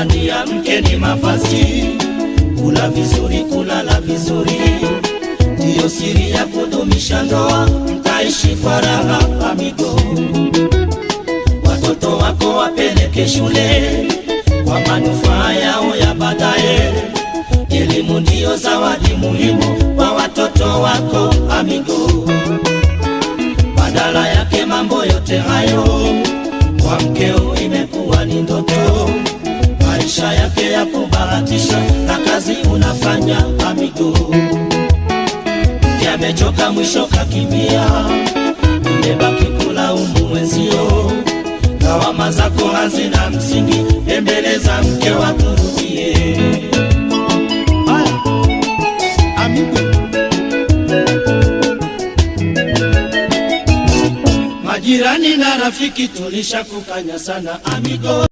Amani ya mke ni mavazi, kula vizuri, kulala vizuri, ndiyo siri ya kudumisha ndoa. Mtaishi kwa raha, amigo. Watoto wako wapeleke shule kwa manufaa yao ya baadaye. Elimu ndiyo zawadi muhimu kwa watoto wako, amigo. Badala yake mambo yote hayo kwa mkeo imekuwa ni ndoto kubahatisha na kazi unafanya kwa miguu, yamechoka mwisho kakimbia, umebaki kulaumu mwenzio, lawama zako hazina msingi, embeleza mke wa wakurudie Majirani na rafiki tulisha kukanya sana amigo